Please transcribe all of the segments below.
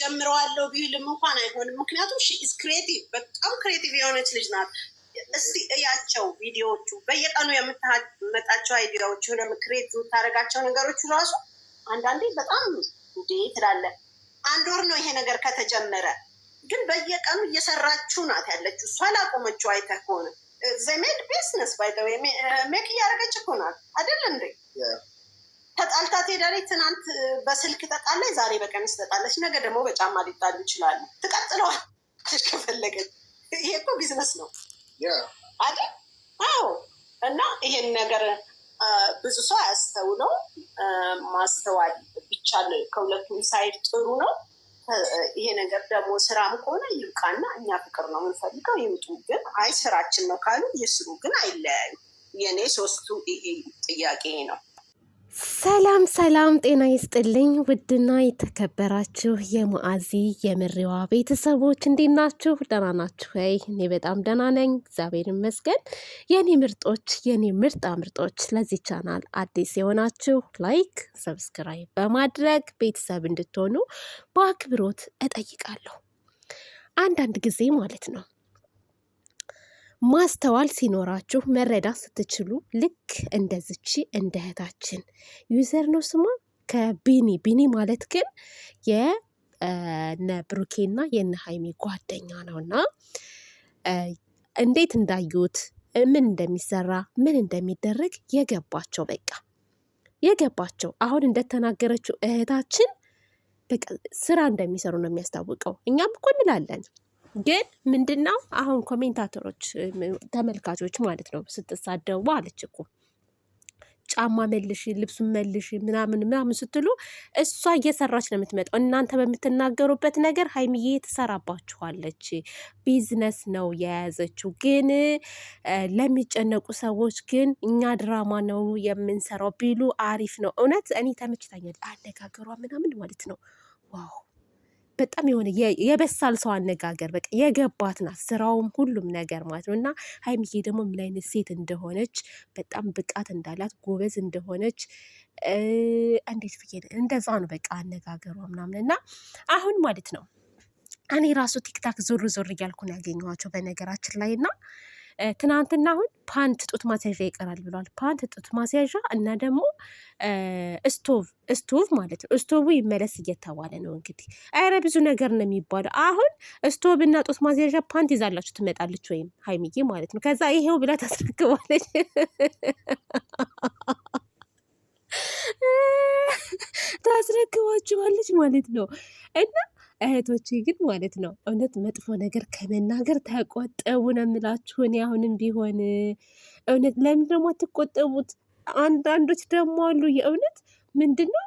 ጀምረዋለሁ ቢልም እንኳን አይሆንም። ምክንያቱም ኢዝ ክሬቲቭ በጣም ክሬቲቭ የሆነች ልጅ ናት። እስቲ እያቸው ቪዲዮዎቹ በየቀኑ የምታመጣቸው አይዲያዎች ሆነ ክሬት የምታደርጋቸው ነገሮቹ ራሱ አንዳንዴ በጣም እንዴ ትላለ። አንድ ወር ነው ይሄ ነገር ከተጀመረ፣ ግን በየቀኑ እየሰራችሁ ናት ያለችው። እሷ ላቆመችው አይተ ከሆነ ዘሜድ ቢዝነስ ባይተ ሜክ እያደረገች እኮ ናት አይደል እንዴ ተጣልታ ትሄዳለች። ትናንት በስልክ ተጣላች፣ ዛሬ በቀሚስ ተጣላች፣ ነገ ደግሞ በጫማ ሊጣሉ ይችላሉ። ትቀጥለዋል ከፈለገች። ይሄ እኮ ቢዝነስ ነው አይደል? አዎ። እና ይሄን ነገር ብዙ ሰው አያስተውለው። ማስተዋል ቢቻል ከሁለቱም ሳይድ ጥሩ ነው። ይሄ ነገር ደግሞ ስራም ከሆነ ይብቃና እኛ ፍቅር ነው የምንፈልገው፣ ይምጡ። ግን አይ ስራችን ነው ካሉ ይስሩ፣ ግን አይለያዩ። የእኔ ሶስቱ ይሄ ጥያቄ ነው። ሰላም ሰላም፣ ጤና ይስጥልኝ ውድና የተከበራችሁ የሙአዚ የምሬዋ ቤተሰቦች እንዴት ናችሁ? ደህና ናችሁ ወይ? እኔ በጣም ደህና ነኝ፣ እግዚአብሔር ይመስገን። የኔ ምርጦች፣ የኔ ምርጣ ምርጦች፣ ለዚህ ቻናል አዲስ የሆናችሁ ላይክ፣ ሰብስክራይብ በማድረግ ቤተሰብ እንድትሆኑ በአክብሮት እጠይቃለሁ። አንዳንድ ጊዜ ማለት ነው ማስተዋል ሲኖራችሁ መረዳት ስትችሉ ልክ እንደዚች እንደ እህታችን ዩዘር ነው ስሟ ከቢኒ ቢኒ ማለት ግን የነ ብሩኬና የነ ሀይሚ ጓደኛ ነው እና እንዴት እንዳዩት ምን እንደሚሰራ ምን እንደሚደረግ የገባቸው በቃ የገባቸው አሁን እንደተናገረችው እህታችን በቃ ስራ እንደሚሰሩ ነው የሚያስታውቀው። እኛም እኮ እንላለን። ግን ምንድነው አሁን ኮሜንታተሮች ተመልካቾች ማለት ነው ስትሳደቡ አለች እኮ ጫማ መልሽ፣ ልብሱን መልሽ ምናምን ምናምን ስትሉ እሷ እየሰራች ነው የምትመጣው። እናንተ በምትናገሩበት ነገር ሀይሚዬ ትሰራባችኋለች። ቢዝነስ ነው የያዘችው። ግን ለሚጨነቁ ሰዎች ግን እኛ ድራማ ነው የምንሰራው ቢሉ አሪፍ ነው። እውነት እኔ ተመችታኛል አነጋገሯ ምናምን ማለት ነው ዋው በጣም የሆነ የበሳል ሰው አነጋገር በቃ የገባት ናት፣ ስራውም ሁሉም ነገር ማለት ነው። እና ሀይሚዬ ደግሞ ምን አይነት ሴት እንደሆነች በጣም ብቃት እንዳላት ጎበዝ እንደሆነች እንዴት ብዬ እንደዛ ነው በቃ አነጋገሯ ምናምን እና አሁን ማለት ነው እኔ ራሱ ቲክታክ ዞር ዞር እያልኩ ነው ያገኘኋቸው በነገራችን ላይ እና ትናንትና አሁን ፓንት ጡት ማስያዣ ይቀራል ብሏል። ፓንት ጡት ማስያዣ እና ደግሞ ስቶቭ ስቶቭ ማለት ነው። ስቶቭ ይመለስ እየተባለ ነው እንግዲህ። ኧረ ብዙ ነገር ነው የሚባለው። አሁን ስቶቭ እና ጡት ማስያዣ ፓንት ይዛላችሁ ትመጣለች ወይም ሀይሚዬ ማለት ነው። ከዛ ይሄው ብላ ታስረክባለች። ታስረክባችኋለች ማለት ነው እና እህቶች ግን ማለት ነው እውነት መጥፎ ነገር ከመናገር ተቆጠቡ ነው የምላችሁ። እኔ አሁንም ቢሆን እውነት ለምን ደግሞ አትቆጠቡት? አንዳንዶች ደግሞ አሉ የእውነት ምንድን ነው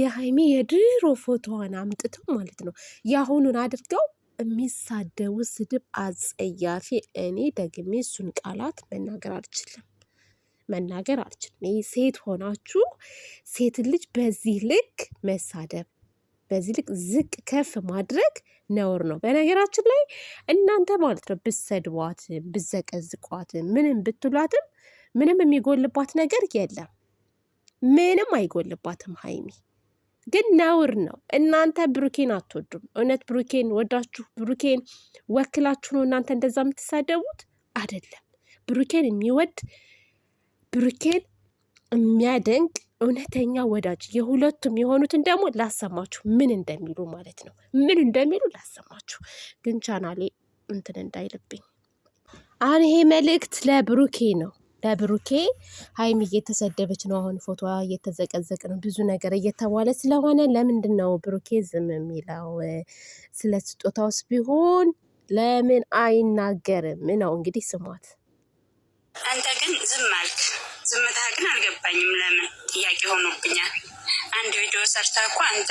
የሀይሚ የድሮ ፎቶዋን አምጥተው ማለት ነው የአሁኑን አድርገው የሚሳደቡ ስድብ አጸያፊ። እኔ ደግሜ እሱን ቃላት መናገር አልችልም፣ መናገር አልችልም። ሴት ሆናችሁ ሴት ልጅ በዚህ ልክ መሳደብ በዚህ ልክ ዝቅ ከፍ ማድረግ ነውር ነው። በነገራችን ላይ እናንተ ማለት ነው ብሰድቧት፣ ብዘቀዝቋት፣ ምንም ብትሏትም ምንም የሚጎልባት ነገር የለም። ምንም አይጎልባትም ሀይሚ ግን ነውር ነው። እናንተ ብሩኬን አትወዱም። እውነት ብሩኬን ወዳችሁ ብሩኬን ወክላችሁ ነው እናንተ እንደዛ የምትሳደቡት አይደለም። ብሩኬን የሚወድ ብሩኬን የሚያደንቅ እውነተኛ ወዳጅ የሁለቱም የሆኑትን ደግሞ ላሰማችሁ ምን እንደሚሉ ማለት ነው። ምን እንደሚሉ ላሰማችሁ። ግን ቻናሌ እንትን እንዳይልብኝ። አሁን ይሄ መልእክት ለብሩኬ ነው። ለብሩኬ ሀይሚ እየተሰደበች ነው። አሁን ፎቶ እየተዘቀዘቀ ነው፣ ብዙ ነገር እየተባለ ስለሆነ ለምንድን ነው ብሩኬ ዝም የሚለው? ስለ ስጦታውስ ቢሆን ለምን አይናገርም ነው እንግዲህ ስሟት። አንተ ግን ዝም አልክ። ዝምታ ግን አልገባኝም። ለምን ጥያቄ ሆኖብኛል። አንድ ቪዲዮ ሰርተ እኮ አንተ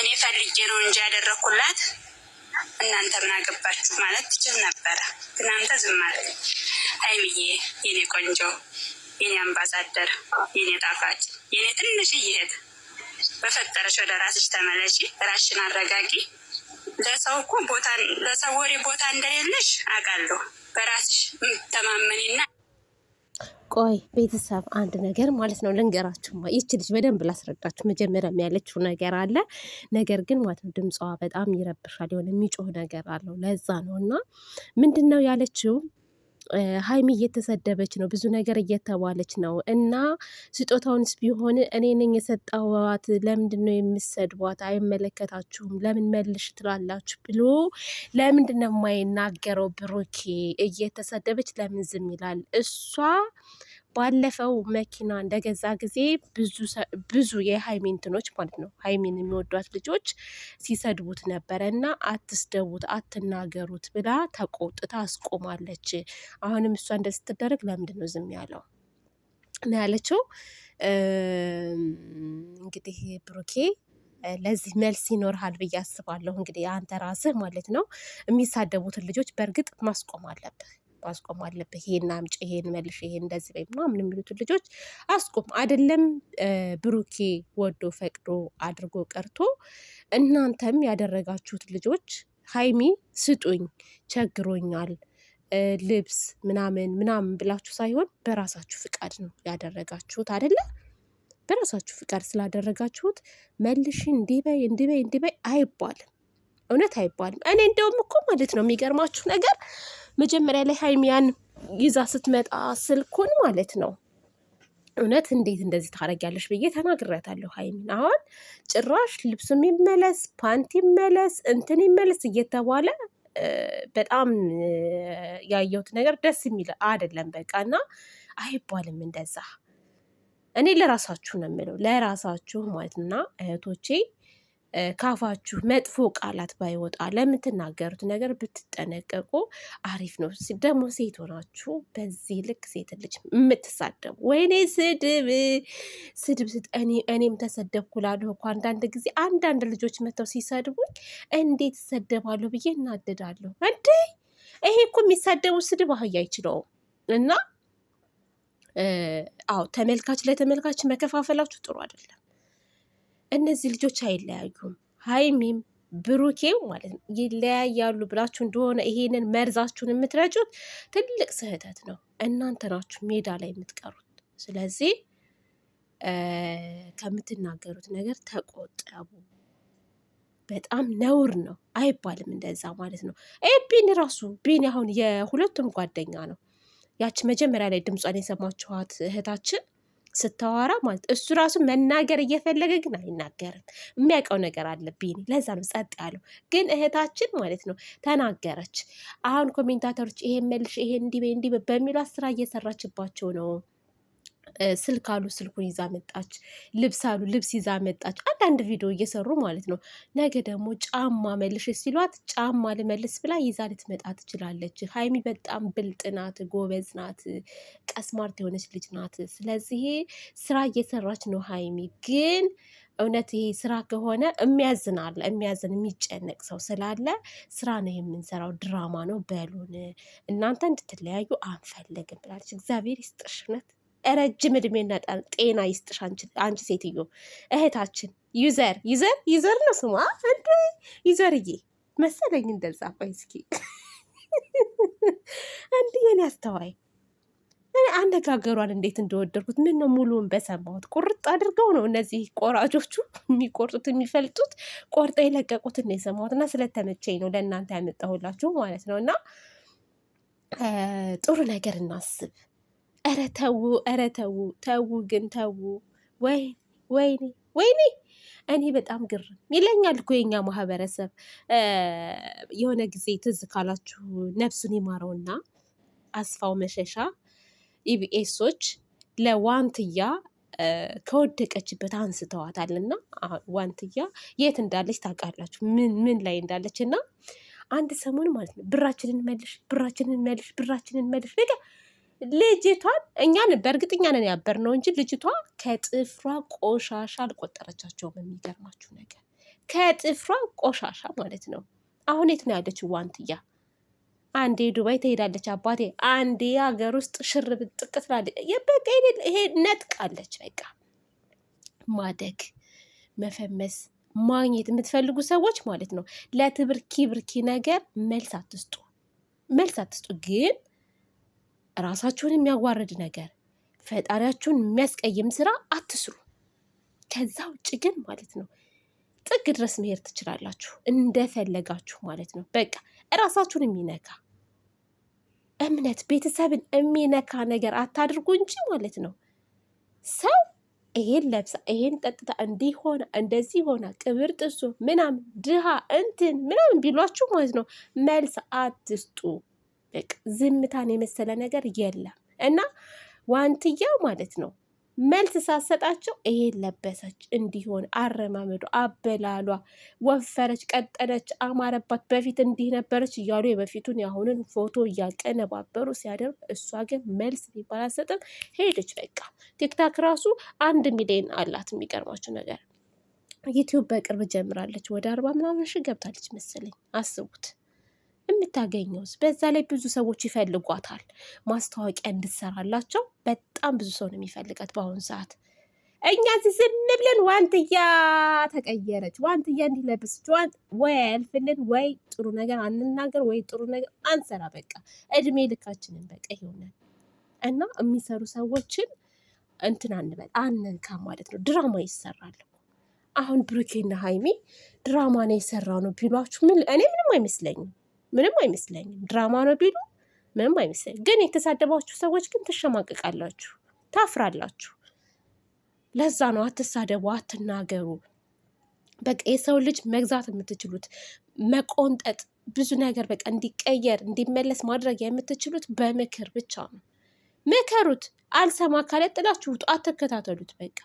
እኔ ፈልጌ ነው እንጂ ያደረኩላት እናንተ ምን አገባችሁ ማለት ትችል ነበረ። ግን አንተ ዝም አለ። ሀይሚዬ የኔ ቆንጆ፣ የኔ አምባሳደር፣ የኔ ጣፋጭ፣ የኔ ትንሽ ይሄድ በፈጠረሽ ወደ ራስሽ ተመለሺ፣ ራስሽን አረጋጊ። ለሰው እኮ ቦታ ለሰው ወሬ ቦታ እንደሌለሽ አውቃለሁ። በራስሽ የምትተማመኒና ቆይ ቤተሰብ አንድ ነገር ማለት ነው ልንገራችሁማ፣ ይች ልጅ በደንብ ላስረዳችሁ። መጀመሪያ ያለችው ነገር አለ፣ ነገር ግን ማለት ነው ድምጿ በጣም ይረብሻል፣ የሆነ የሚጮህ ነገር አለው። ለዛ ነው እና ምንድን ነው ያለችው ሀይሚ እየተሰደበች ነው፣ ብዙ ነገር እየተባለች ነው። እና ስጦታውንስ ቢሆን እኔ ነኝ የሰጠዋት፣ ለምንድን ነው የምሰድቧት? አይመለከታችሁም፣ ለምን መልሽ ትላላችሁ ብሎ ለምንድን ነው የማይናገረው? ብሩኬ እየተሰደበች ለምን ዝም ይላል? እሷ ባለፈው መኪና እንደገዛ ጊዜ ብዙ የሀይሚ እንትኖች ማለት ነው ሀይሚን የሚወዷት ልጆች ሲሰድቡት ነበረ እና አትስደቡት፣ አትናገሩት ብላ ተቆጥታ አስቆማለች። አሁንም እሷ እንደስትደረግ ስትደረግ ለምንድን ነው ዝም ያለው ነው ያለችው። እንግዲህ ብሩኬ ለዚህ መልስ ይኖርሃል ብዬ አስባለሁ። እንግዲህ አንተ ራስህ ማለት ነው የሚሳደቡትን ልጆች በእርግጥ ማስቆም አለብህ። ማስቆም አለበት። ይሄን አምጪ፣ ይሄን መልሽ፣ ይሄን እንደዚህ በይ ምናምን የሚሉትን ልጆች አስቆም። አይደለም ብሩኬ ወዶ ፈቅዶ አድርጎ ቀርቶ እናንተም ያደረጋችሁት ልጆች ሀይሚ ስጡኝ፣ ቸግሮኛል ልብስ ምናምን ምናምን ብላችሁ ሳይሆን በራሳችሁ ፍቃድ ነው ያደረጋችሁት አይደለ? በራሳችሁ ፍቃድ ስላደረጋችሁት መልሽ እንዲበይ እንዲበይ እንዲበይ አይባልም፣ እውነት አይባልም። እኔ እንደውም እኮ ማለት ነው የሚገርማችሁ ነገር መጀመሪያ ላይ ሀይሚያን ይዛ ስትመጣ ስልኩን ማለት ነው እውነት እንዴት እንደዚህ ታደርጊያለሽ ብዬ ተናግሬያታለሁ። ሀይሚን አሁን ጭራሽ ልብሱም ይመለስ፣ ፓንት ይመለስ፣ እንትን ይመለስ እየተባለ በጣም ያየሁት ነገር ደስ የሚል አይደለም። በቃ እና አይባልም እንደዛ። እኔ ለራሳችሁ ነው የምለው ለራሳችሁ ማለት እና እህቶቼ ካፋችሁ መጥፎ ቃላት ባይወጣ ለምትናገሩት ነገር ብትጠነቀቁ አሪፍ ነው። ደግሞ ሴት ሆናችሁ በዚህ ልክ ሴት ልጅ የምትሳደቡ ወይኔ ስድብ ስድብ ስጥ እኔም ተሰደብኩ እላለሁ እኮ አንዳንድ ጊዜ አንዳንድ ልጆች መጥተው ሲሰድቡኝ እንዴት እሰደባለሁ ብዬ እናደዳለሁ። እንዴ ይሄ እኮ የሚሳደቡ ስድብ አህያ አይችለውም እና አዎ ተመልካች ለተመልካች መከፋፈላችሁ ጥሩ አይደለም። እነዚህ ልጆች አይለያዩም። ሀይሚም ብሩኬም ማለት ነው ይለያያሉ ብላችሁ እንደሆነ ይሄንን መርዛችሁን የምትረጩት ትልቅ ስህተት ነው። እናንተ ናችሁ ሜዳ ላይ የምትቀሩት። ስለዚህ ከምትናገሩት ነገር ተቆጠቡ። በጣም ነውር ነው፣ አይባልም እንደዛ ማለት ነው። ይሄ ቢኒ ራሱ ቢኒ አሁን የሁለቱም ጓደኛ ነው። ያች መጀመሪያ ላይ ድምጿን የሰማችኋት እህታችን ስታወራ ማለት እሱ ራሱ መናገር እየፈለገ ግን አይናገርም። የሚያውቀው ነገር አለብኝ፣ ለዛ ነው ጸጥ ያለው። ግን እህታችን ማለት ነው ተናገረች። አሁን ኮሜንታተሮች ይሄን መልሽ፣ ይሄ እንዲህ እንዲህ በሚሉ ስራ እየሰራችባቸው ነው። ስልክ አሉ ስልኩን ይዛ መጣች፣ ልብስ አሉ ልብስ ይዛ መጣች። አንዳንድ ቪዲዮ እየሰሩ ማለት ነው። ነገ ደግሞ ጫማ መልሽ ሲሏት ጫማ ልመልስ ብላ ይዛ ልትመጣ ትችላለች። ሀይሚ በጣም ብልጥ ናት፣ ጎበዝ ናት፣ ቀስማርት የሆነች ልጅ ናት። ስለዚህ ስራ እየሰራች ነው ሀይሚ ግን እውነት ይሄ ስራ ከሆነ የሚያዝን አለ የሚያዝን የሚጨነቅ ሰው ስላለ ስራ ነው የምንሰራው፣ ድራማ ነው በሉን እናንተ እንድትለያዩ አንፈልግም ብላለች። እግዚአብሔር ይስጥሽ እውነት ረጅም እድሜና ጤና ይስጥሽ አንቺ ሴትዮ እህታችን። ዩዘር ዩዘር ዩዘር ነው ስሟ እንደ ዩዘርዬ መሰለኝ እንደዛ። ቆይ እስኪ አንድ የኔ አስተዋይ አነጋገሯን እንዴት እንደወደድኩት ምን ነው ሙሉውን በሰማሁት። ቁርጥ አድርገው ነው እነዚህ ቆራጆቹ የሚቆርጡት የሚፈልጡት፣ ቆርጠ የለቀቁት ነው የሰማሁት እና ስለተመቸኝ ነው ለእናንተ ያመጣሁላችሁ ማለት ነው። እና ጥሩ ነገር እናስብ ኧረ ተዉ፣ ኧረ ተዉ፣ ተዉ ግን ተዉ። ወይ ወይኔ ወይኔ እኔ በጣም ግርም ይለኛል እኮ የኛ ማህበረሰብ። የሆነ ጊዜ ትዝ ካላችሁ ነፍሱን ይማረውና አስፋው መሸሻ ኢቢኤሶች ለዋንትያ ከወደቀችበት አንስተዋታል እና ዋንትያ የት እንዳለች ታውቃላችሁ? ምን ምን ላይ እንዳለች እና አንድ ሰሞን ማለት ነው ብራችንን መልሽ፣ ብራችንን መልሽ፣ ብራችንን መልሽ በቃ ልጅቷን እኛን በእርግጠኛ ነን ያበር ነው እንጂ ልጅቷ ከጥፍሯ ቆሻሻ አልቆጠረቻቸውም። የሚገርማችሁ ነገር ከጥፍሯ ቆሻሻ ማለት ነው። አሁን የት ነው ያለችው ዋንትያ? አንዴ ዱባይ ትሄዳለች አባቴ፣ አንዴ ሀገር ውስጥ ሽር ብጥቅ ትላለች። በቃ ይሄ ነጥቃለች። በቃ ማደግ፣ መፈመስ፣ ማግኘት የምትፈልጉ ሰዎች ማለት ነው ለትብርኪ ብርኪ ነገር መልስ አትስጡ፣ መልስ አትስጡ ግን ራሳችሁን የሚያዋርድ ነገር፣ ፈጣሪያችሁን የሚያስቀይም ስራ አትስሩ። ከዛ ውጭ ግን ማለት ነው ጥግ ድረስ መሄድ ትችላላችሁ፣ እንደፈለጋችሁ ማለት ነው። በቃ እራሳችሁን የሚነካ እምነት፣ ቤተሰብን የሚነካ ነገር አታድርጉ እንጂ ማለት ነው ሰው ይሄን ለብሳ ይሄን ጠጥታ እንዲሆነ እንደዚህ ሆና ቅብር ጥሶ ምናምን ድሃ እንትን ምናምን ቢሏችሁ ማለት ነው መልስ አትስጡ። በቃ ዝምታን የመሰለ ነገር የለም። እና ዋንትያው ማለት ነው መልስ ሳሰጣቸው ይሄ ለበሰች እንዲሆን አረማመዷ፣ አበላሏ፣ ወፈረች፣ ቀጠለች፣ አማረባት፣ በፊት እንዲህ ነበረች እያሉ የበፊቱን የአሁንን ፎቶ እያቀነባበሩ ሲያደርግ እሷ ግን መልስ የሚባል አሰጥም ሄደች። በቃ ቲክታክ ራሱ አንድ ሚሊዮን አላት። የሚገርማችሁ ነገር ዩቲዩብ በቅርብ ጀምራለች። ወደ አርባ ምናምን ሺህ ገብታለች መሰለኝ አስቡት። የምታገኘውስ? በዛ ላይ ብዙ ሰዎች ይፈልጓታል። ማስታወቂያ እንድትሰራላቸው በጣም ብዙ ሰው ነው የሚፈልጋት በአሁኑ ሰዓት። እኛ እዚህ ዝም ብለን ዋንትያ ተቀየረች፣ ዋንትያ እንዲለብስች፣ ወይ አልፍልን፣ ወይ ጥሩ ነገር አንናገር፣ ወይ ጥሩ ነገር አንሰራ። በቃ እድሜ ልካችንን በቃ ይሆናል እና የሚሰሩ ሰዎችን እንትን አንበል አንንካ ማለት ነው። ድራማ ይሰራል። አሁን ብሩኬና ሀይሚ ድራማ ነው የሰራ ነው ቢሏችሁ፣ እኔ ምንም አይመስለኝም። ምንም አይመስለኝም። ድራማ ነው ቢሉ ምንም አይመስለኝም። ግን የተሳደባችሁ ሰዎች ግን ትሸማቀቃላችሁ፣ ታፍራላችሁ። ለዛ ነው አትሳደቡ፣ አትናገሩ። በቃ የሰው ልጅ መግዛት የምትችሉት መቆንጠጥ፣ ብዙ ነገር በቃ እንዲቀየር እንዲመለስ ማድረግ የምትችሉት በምክር ብቻ ነው። ምከሩት። አልሰማ ካለ ጥላችሁ ውጡ። አትከታተሉት። በቃ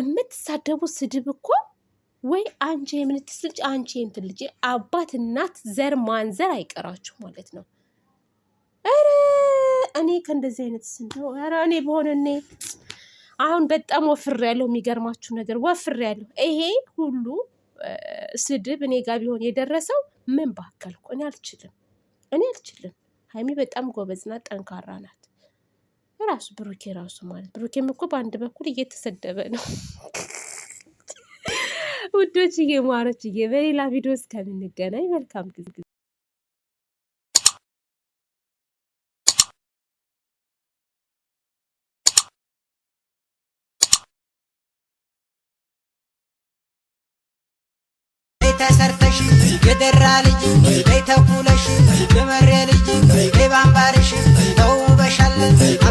የምትሳደቡት ስድብ እኮ ወይ አንቺ የምንትስ ልጅ አንቺ የምትን ልጅ አባት እናት ዘር ማንዘር አይቀራችሁ ማለት ነው። ኧረ እኔ ከእንደዚህ አይነት ስንት ኧረ እኔ በሆነ እኔ አሁን በጣም ወፍር ያለው የሚገርማችሁ ነገር ወፍሬ ያለው ይሄ ሁሉ ስድብ እኔ ጋር ቢሆን የደረሰው ምን ባከልኩ። እኔ አልችልም፣ እኔ አልችልም። ሀይሚ በጣም ጎበዝና ጠንካራ ናት። ራሱ ብሩኬ ራሱ ማለት ብሩኬም እኮ በአንድ በኩል እየተሰደበ ነው። ውዶችዬ ማሮችዬ፣ በሌላ ቪዲዮ እስከምንገናኝ መልካም ጊዜ ተሰርተሽ የደራ ልጅ ቤተኩለሽ የመሬ ልጅ ቤባንባርሽ ተውበሻለን።